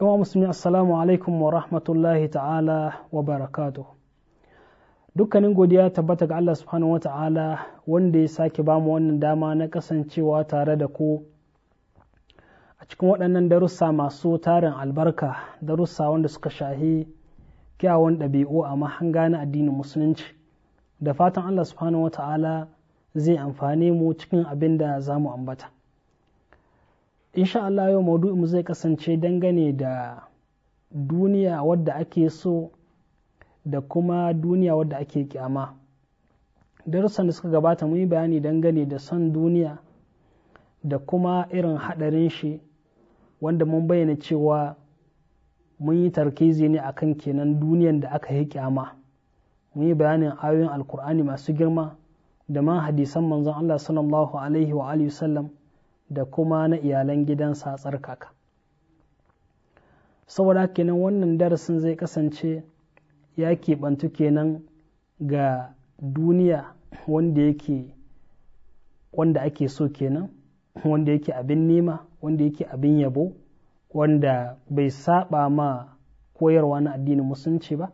yawan musulmi assalamu alaikum wa rahmatullahi ta'ala wa barakatu dukkanin godiya tabbata ga Allah subhanahu ta'ala wanda ya sake bamu wannan dama na kasancewa tare da ku a cikin waɗannan darussa masu tarin albarka darussa wanda suka shahi kyawun ɗabi'u a mahanga na addinin musulunci da fatan Allah subhanahu ta'ala zai amfane mu cikin abin da za mu ambata insha Allah yau maudu'inmu zai kasance dangane da duniya wadda ake so da kuma duniya wadda ake kyama darussan da suka gabata mun yi bayani dangane da son duniya da kuma irin haɗarin shi wanda mun bayyana cewa mun yi tarkizi ne a kan kenan duniyan da aka yi kyama mun yi bayanin ayoyin alkur'ani masu girma da man hadisan manzon Allah sallallahu alaihi wa alihi da kuma na iyalan gidan gidansa tsarkaka saboda kenan wannan darasin zai kasance ya keɓantu kenan ga duniya wanda yake wanda ake so kenan wanda yake abin nema wanda yake abin yabo wanda bai saba ma koyarwa na addinin musulunci ba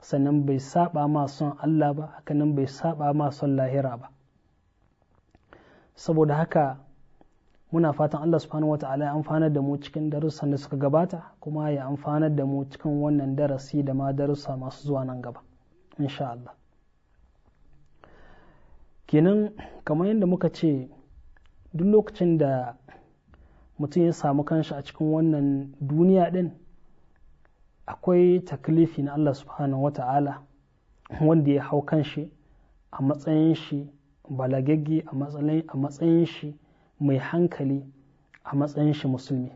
sannan bai saba ma son Allah ba hakanan bai saba ma son lahira ba saboda haka muna fatan Allah subhanahu wa ta'ala ya amfanar da mu cikin darussan da suka gabata kuma ya amfanar da mu cikin wannan darasi da ma darussa masu zuwa nan gaba insha Allah kenan kamar yadda muka ce duk lokacin da mutum ya samu kanshi a cikin wannan duniya din akwai taklifi na Allah subhanahu wa ta'ala wanda ya hau kanshi a matsayin shi balagagge a matsayin shi mai hankali a matsayin shi musulmi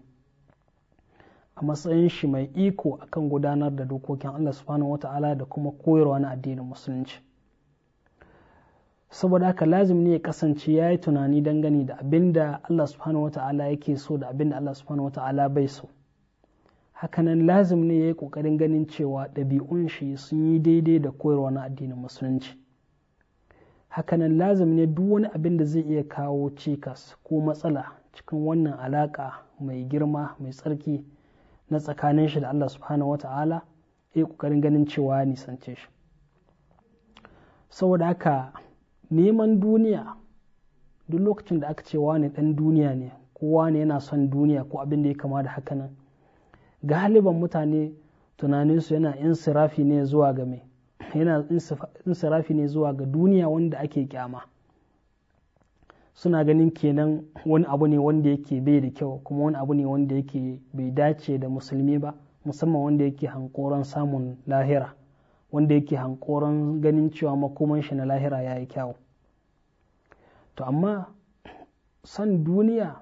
a matsayin shi mai iko akan gudanar da dokokin Allah subhanahu wata'ala da kuma koyarwa na addinin musulunci saboda haka lazim ne ya kasance ya yi tunani dangane da abin da Allah subhanahu wata'ala yake so da abin da Allah subhanahu wata'ala bai so hakanan lazim ne ya yi ƙoƙarin ganin cewa ɗabi'un shi sun yi daidai da koyarwa na addinin musulunci hakanan lazim ne duk wani abin da zai iya kawo cikas ko matsala cikin wannan alaƙa mai girma mai tsarki na tsakanin shi da Allah subhanahu wata'ala ya ƙoƙarin ganin cewa nisance shi saboda haka neman duniya duk lokacin da aka ce wani dan duniya ne kowa ne yana son duniya ko abin da ya kama da hakanan galiban mutane tunaninsu yana insirafi ne zuwa ga mai yana insirafi ne zuwa ga duniya wanda ake kyama suna ganin kenan wani abu ne wanda yake bai da kyau kuma wani abu ne wanda yake bai dace da musulmi ba musamman wanda yake hankoron samun lahira wanda yake hankoron ganin cewa makoman shi na lahira ya yi kyau to amma son duniya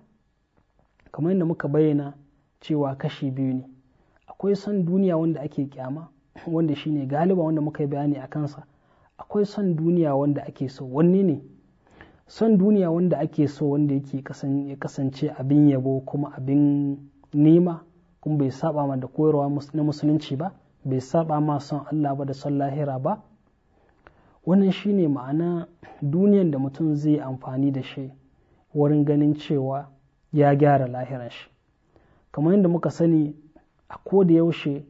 kamar yadda muka bayyana cewa kashi biyu ne akwai son duniya wanda ake kyama wanda shine galiba wanda muka yi bayani a kansa akwai son duniya wanda ake so wanne ne son duniya wanda ake so wanda yake kasance abin yabo kuma abin nema kuma bai saba ma da koyarwa na musulunci ba bai saba ma son Allah ba da son lahira ba wannan shine ma'ana duniyan da mutum zai amfani da shi wurin ganin cewa ya gyara lahiran shi kamar yadda muka sani a ko da yaushe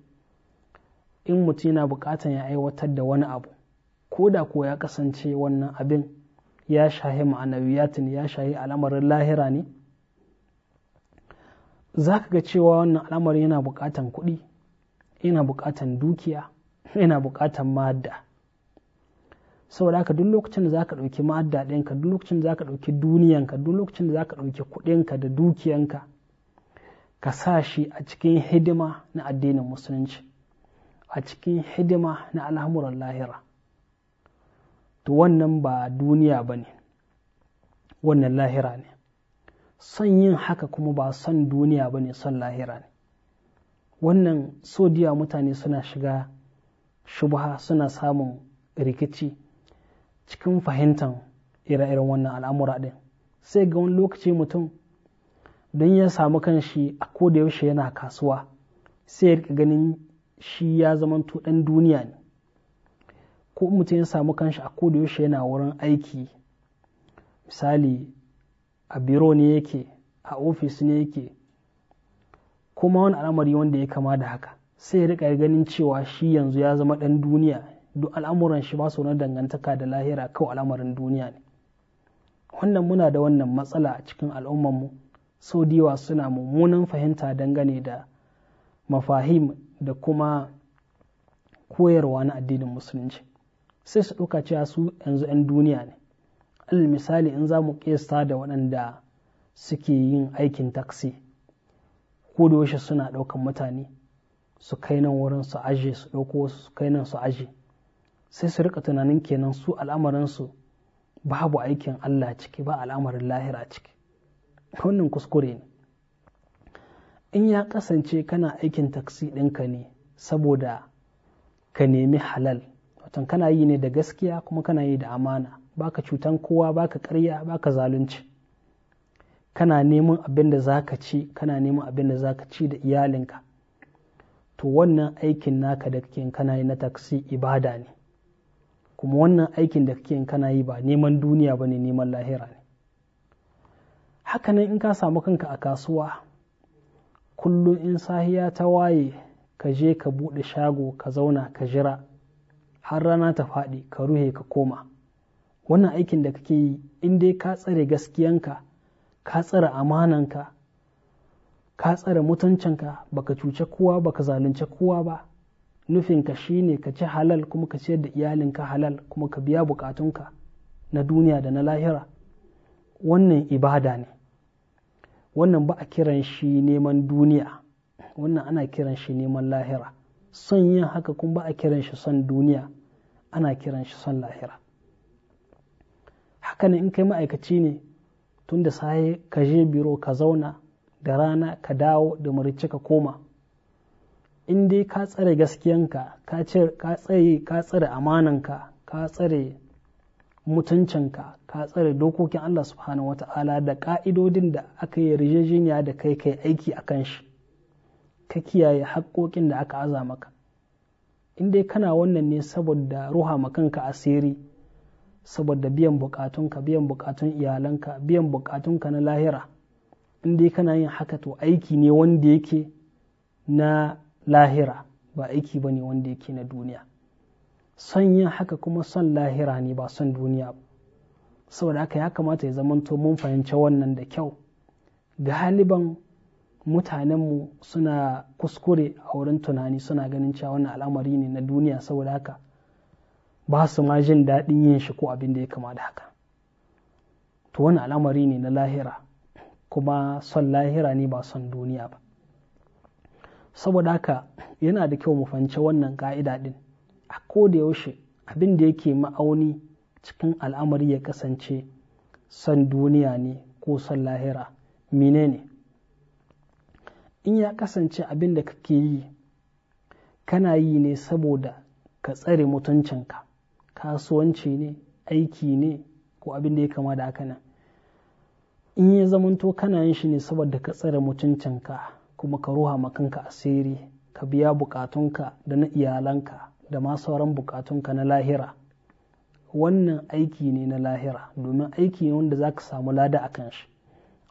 in mutum yana buƙatar ya aiwatar da wani abu ko da ko ya kasance wannan abin ya shahi ma'anawiyatin ya shahi al'amarin lahira ne za ka ga cewa wannan al'amarin yana bukatan kuɗi yana buƙatan dukiya yana buƙatan ma'adda saboda haka duk lokacin da za ka ɗauki ma'adda ɗinka duk lokacin da za ka ɗauki duniyanka duk lokacin da za ka ɗauki kuɗinka da dukiyanka ka sa shi a cikin hidima na addinin musulunci a cikin hidima na al'amuran lahira to wannan ba duniya ba ne wannan lahira ne son yin haka kuma ba son duniya ba ne son lahira ne wannan sodiya mutane suna shiga shubha suna samun rikici cikin fahimtar ire-iren wannan al'amura ɗin sai ga wani lokaci mutum don ya samu kanshi a da yaushe yana kasuwa sai ya ganin shi ya zamanto ɗan duniya ne ko mutum ya samu kanshi a yaushe yana wurin aiki misali a biro ne yake a ofis ne yake kuma wani al'amari wanda ya kama da haka sai ya rika ganin cewa shi yanzu ya zama ɗan duniya duk al'amuran shi ba su na dangantaka da lahira kawai al'amarin duniya ne wannan muna da wannan matsala a cikin al'ummanmu sau yawa suna mummunan fahimta dangane da mafahim da kuma koyarwa na addinin musulunci sai su ɗauka cewa su yanzu 'yan duniya ne alal misali in za mu ƙesa da waɗanda suke yin aikin taksi ko da yaushe suna ɗaukan mutane su kai nan wurin su aje su ɗauko wasu su kai nan su aje sai su rika tunanin kenan su al'amarinsu babu aikin Allah ciki ba al'amarin lahira ciki wannan kuskure ne in ya kasance kana aikin taksi ɗinka ne saboda ka nemi halal watan kana yi ne da gaskiya kuma kana yi da amana baka cutan kowa baka karya baka zalunci kana neman abin da zaka ci kana neman abin da zaka ci da iyalinka to wannan aikin naka da kake kana yi na taksi ibada ne kuma wannan aikin da kake kana yi ba neman duniya ba ne neman lahira ne hakanan in ka samu kanka a kasuwa kullum in sahiya ta waye ka je ka buɗe shago ka zauna ka jira har rana ta faɗi ka ruhe ka koma wannan aikin da kake yi in dai ka tsare gaskiyanka ka tsare amananka ka tsare mutuncinka baka cuce kowa baka zalunce kowa ba nufinka shine ka ci halal kuma ka ciyar da iyalinka halal kuma ka biya bukatunka na duniya da na lahira wannan ibada ne wannan ba a kiran shi neman duniya wannan ana kiran shi neman lahira son yin haka kuma ba a kiran shi son duniya ana kiran shi son lahira haka ne in kai ma'aikaci ne tun da saye ka je biro ka zauna da rana ka dawo da marice ka koma in dai ka tsare gaskiyanka ka tsare amananka ka tsare mutuncinka ka tsare dokokin Allah subhanahu ta'ala da ka'idodin da aka yi rijejiniya da kai kai aiki a kan shi ka kiyaye haƙoƙin da aka aza maka in dai kana wannan ne saboda ruha makanka asiri saboda biyan bukatunka biyan bukatun iyalanka biyan bukatunka na lahira in dai kana yin haka to aiki ne wanda yake na lahira ba aiki bane ne wanda yake na duniya son yin haka kuma son lahira ne ba son duniya ba saboda haka ya kamata ya zamanto mun fahimci wannan da kyau galiban mutanenmu suna kuskure a wurin tunani suna ganin cewa wannan al'amari ne na duniya saboda haka ba su ma jin daɗin yin shi ko abin da ya kama da haka to wani al'amari ne na lahira kuma son lahira ne ba son duniya ba saboda haka yana da kyau mu fahimci wannan ka'ida ɗin a koda yaushe abin da yake ma'auni cikin al'amari ya kasance son duniya ne ko son lahira menene in ya kasance abin da kake yi kana yi ne saboda ka tsare mutuncinka kasuwanci ne aiki ne ko abin da ya kama da haka nan in ya zamanto kana yin shi ne saboda ka tsare mutuncinka kuma ka ruha makanka asiri ka biya bukatunka da na iyalanka da ma sauran ka na lahira wannan aiki ne na lahira domin aiki ne wanda za ka samu lada a kan shi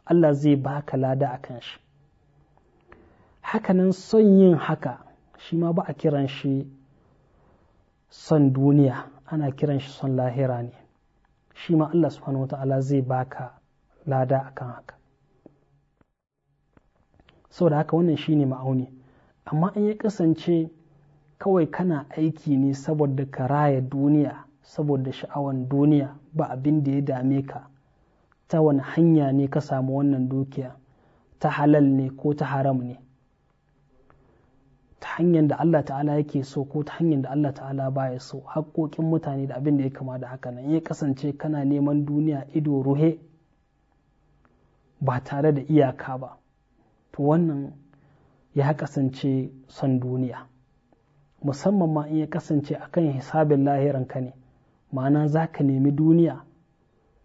Allah zai baka lada a kan shi hakanan son yin haka shi ma ba a kiran shi son duniya ana kiran shi son lahira ne shi ma Allah subhanahu wa ta'ala zai baka lada a kan haka saboda haka wannan shi ne ma'auni amma in ya kasance kawai kana aiki ne saboda ka raya duniya saboda sha'awan duniya ba abin da ya dame ka ta wani hanya ne ka samu wannan dukiya ta halal ne ko ta haram ne ta hanyar da Allah ta'ala yake so ko ta hanyar da Allah ta'ala baya so haƙoƙin mutane da abin da ya kama da haka nan ya kasance kana neman duniya ido ruhe ba tare da iyaka ba to wannan ya kasance son duniya musamman ma in ya kasance a kan hisabin lahiranka ne ma'ana za ka nemi duniya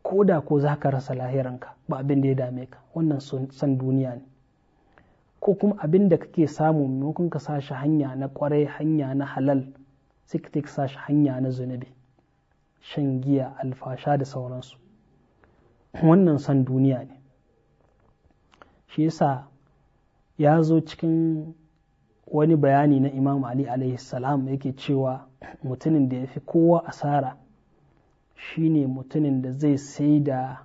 ko da ko za ka rasa lahiranka ba abin da ya dame ka wannan san duniya ne ko kuma abin da kake samu maimakon ka sashi hanya na kwarai hanya na halal sai ka hanya na zunubi shan giya alfasha da sauransu wannan san duniya ne shi yasa ya zo cikin wani bayani na imam ali alaihi salam yake cewa mutumin da ya fi kowa asara shine mutumin da zai sai da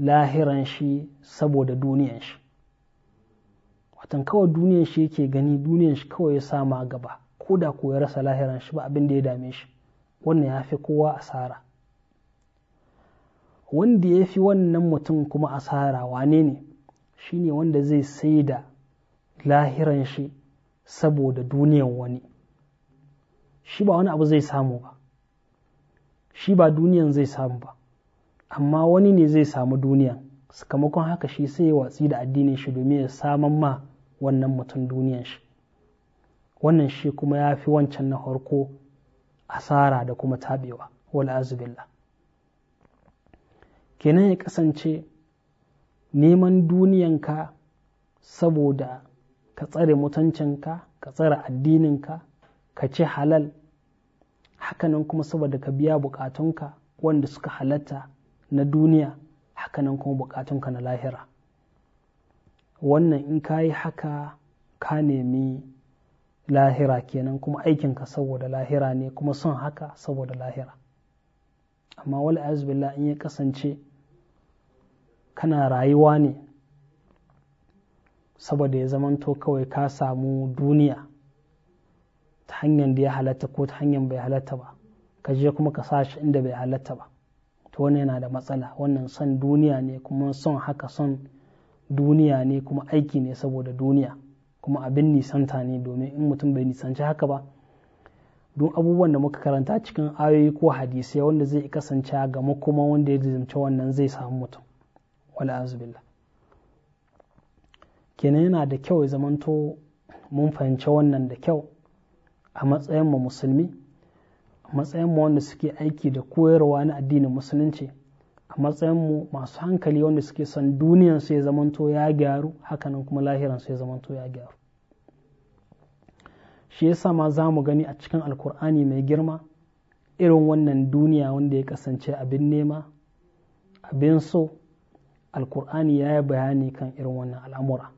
lahiran shi saboda duniyan shi watan kawai duniyan shi yake gani duniyan shi kawai ya sama gaba ko da ko ya rasa lahiran shi ba abin da ya dame shi wannan ya fi kowa asara wanda ya fi wannan mutum kuma asara wane ne shine wanda zai sai da lahiran shi saboda duniyan wani shi ba wani abu zai samu ba shi ba duniyan zai samu ba amma wani ne zai samu duniyan sakamakon haka shi sai ya watsi da addinin shi domin ya saman ma wannan mutum duniyan shi wannan shi kuma ya fi wancan na farko asara da kuma taɓewa wal'azubillah kenan ya kasance neman duniyanka saboda ka tsare mutuncinka ka tsare addininka ka ci halal hakanan kuma saboda ka biya bukatunka wanda suka halatta na duniya hakanan kuma bukatunka na lahira wannan in ka yi haka ka nemi lahira kenan kuma aikinka saboda lahira ne kuma son haka saboda lahira amma wala azubillah in ya kasance kana rayuwa ne saboda ya zamanto kawai ka samu duniya ta hanyar da ya halatta ko ta hanyar bai halatta ba ka je kuma ka sashi inda bai halatta ba to wannan yana da matsala wannan son duniya ne kuma son haka son duniya ne kuma aiki ne saboda duniya kuma abin nisanta ne domin in mutum bai nisanci haka ba duk abubuwan da muka karanta cikin ayoyi ko hadisai wanda zai kasance ga makoma wanda ya zimci wannan zai samu mutum wala azubillah kenan yana da kyau ya zamanto mun fahimci wannan da kyau a matsayin musulmi a matsayin mu wanda suke aiki da koyarwa na addinin musulunci a matsayin masu hankali wanda suke son duniyan su ya zamanto ya gyaru hakanan kuma lahiran su ya zamanto ya gyaru shi yasa ma za mu gani a cikin alkur'ani mai girma irin wannan duniya wanda ya kasance abin nema abin so alkur'ani ya yi bayani kan irin wannan al'amura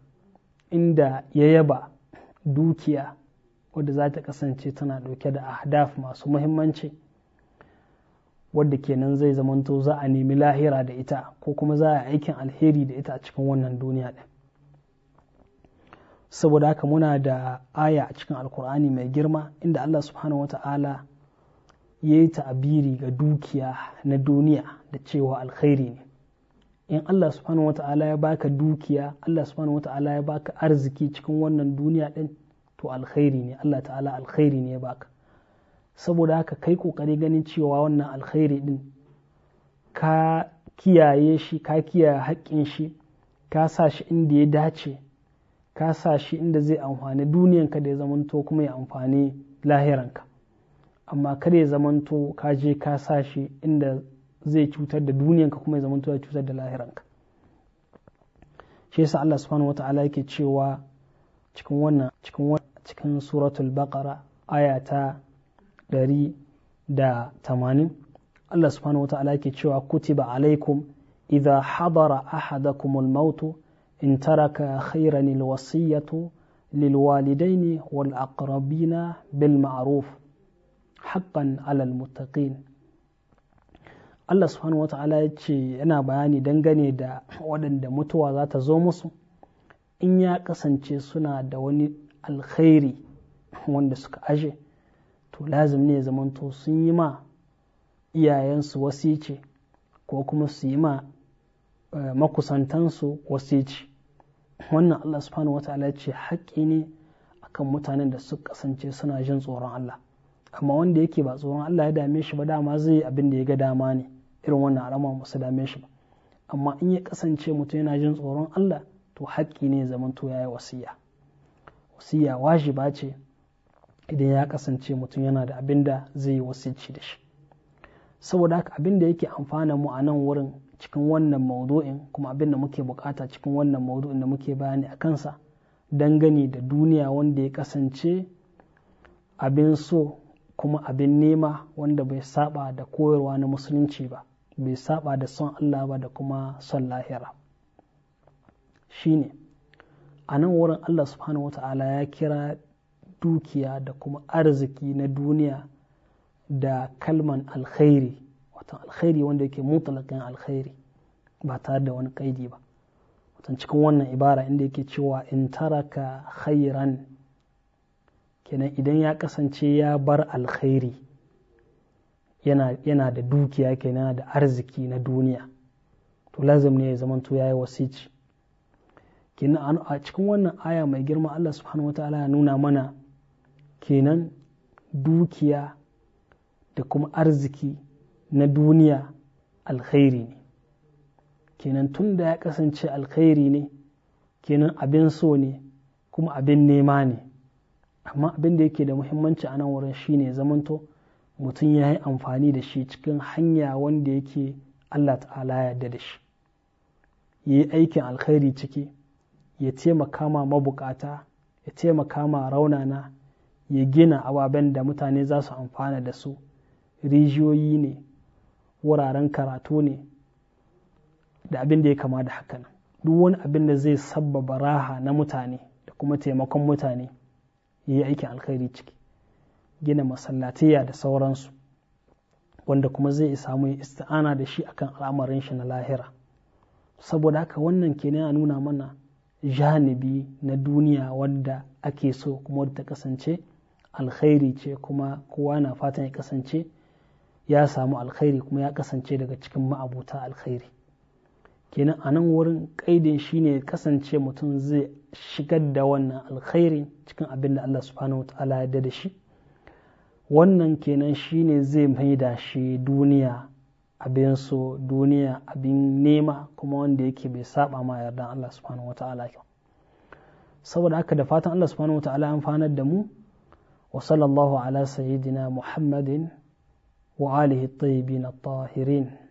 inda ya yaba dukiya wadda za ta kasance tana ɗauke da ahdaf masu muhimmanci wadda kenan zai zamanto za a nemi lahira da ita ko kuma za a yi aikin alheri da ita a cikin wannan duniya ɗin saboda haka muna da aya a cikin alkur'ani mai girma inda allah subhanahu wa ta'ala ya yi ta'abiri ga dukiya na duniya da cewa alkhairi ne in Allah subhanahu ta'ala ya baka dukiya Allah subhanahu ta'ala ya baka arziki cikin wannan duniya din to alkhairi ne Allah ta'ala alkhairi ne ya baka saboda haka kai kokari ganin cewa wannan alkhairi din ka kiyaye shi ka kiyaye haƙƙin shi ka sa shi inda ya dace ka sa shi inda zai amfani duniyanka da ya zamanto kuma ya amfani lahiranka amma kada ya zamanto ka je ka sa inda zai cutar da duniyanka kuma ya zamanto ya cutar da lahiranka shi yasa Allah subhanahu wata'ala yake cewa cikin wannan cikin cikin suratul baqara ayata ta 180 Allah subhanahu wata'ala yake cewa kutiba alaikum idza hadara ahadakum al-maut in taraka khayran al-wasiyatu bil والأقربين بالمعروف حقا على المتقين Allah subhanahu wa ta'ala ya ce yana bayani dangane da waɗanda mutuwa za ta zo musu in ya kasance suna da wani alkhairi wanda suka aje to lazim ne zamanto sun yi ma iyayensu wasice ko kuma su yi ma eh, makusantansu wasici wannan Allah subhanahu ya ce haƙƙi ne akan mutanen da su kasance suna jin tsoron Allah amma wanda yake ba tsoron Allah ya dame shi ba dama zai abin da ya ga dama ne irin wannan alama ba su dame shi ba amma in ya kasance mutum yana jin tsoron Allah to haƙƙi ne zaman ya yi wasiya wasiya wajiba ce idan ya kasance mutum yana da abin da zai yi wasici da shi saboda haka abin da yake amfana mu a nan wurin cikin wannan maudu'in kuma abin da muke bukata cikin wannan maudu'in da muke bayani a kansa dangane da duniya wanda ya kasance abin so kuma abin nema wanda bai saba da koyarwa na musulunci ba bai saba da son Allah ba da kuma son lahira Shi ne, a nan wurin Allah subhanahu wata'ala ya kira dukiya da kuma arziki na duniya da kalman alkhairi watan alkhairi wanda yake mutalakin alkhairi ba tare da wani kaidi ba watan cikin wannan ibara inda yake cewa in taraka khairan kenan idan ya kasance ya bar alkhairi yana da dukiya kenan yana da arziki na duniya to lazim ne ya zamanto ya yi wasici kenan a cikin wannan aya mai girma Allah subhanahu wataala ya nuna mana kenan dukiya da kuma arziki na duniya alkhairi ne kenan tun da ya kasance alkhairi ne kenan abin so ne kuma abin nema ne amma abin da yake da muhimmanci a nan wurin shine zamanto mutum ya yi amfani da shi cikin hanya wanda yake Allah ta'ala yarda da shi ya yi aikin alkhairi ciki ya taimaka ma mabukata ya taimaka ma raunana ya gina ababen da mutane za su amfana da su rijiyoyi ne wuraren karatu ne da abin da ya kama da hakan duk wani abin da zai sabbaba raha na mutane da kuma taimakon mutane ya yi aikin alkhairi ciki gina masallatiya da sauransu wanda kuma zai samu ya isti'ana da shi akan al'amarin shi na lahira saboda haka wannan ke a nuna mana janibi na duniya wadda ake so kuma wadda ta kasance alkhairi ce kuma kowa na fatan ya kasance ya samu alkhairi kuma ya kasance daga cikin ma'abuta alkhairi kenan a nan wurin kaidin shine kasance mutum zai shigar da wannan alkhairi cikin abin da Allah subhanahu wa ta'ala ya da shi wannan kenan shine zai maida shi duniya abin so duniya abin nema kuma wanda yake bai saba ma yardan Allah subhanahu wata'ala kyau saboda haka da fatan Allah subhanahu wata'ala amfanar da mu wa sallallahu ala sayyidina muhammadin wa alihi tayyibin at-tahirin